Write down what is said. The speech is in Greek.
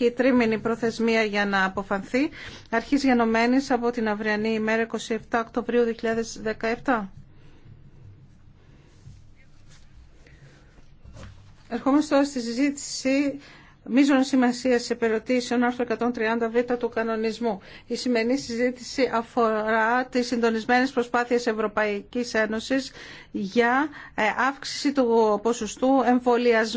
Έχει τρίμηνη προθεσμία για να αποφανθεί. Αρχής γενομένης από την αυριανή ημέρα 27 Οκτωβρίου 2017. Ερχόμαστε τώρα στη συζήτηση μείζων σημασία επερωτήσεων άρθρο 130 β του κανονισμού. Η σημερινή συζήτηση αφορά τι συντονισμένε προσπάθειε Ευρωπαϊκή Ένωση για ε, αύξηση του ποσοστού εμβολιασμού.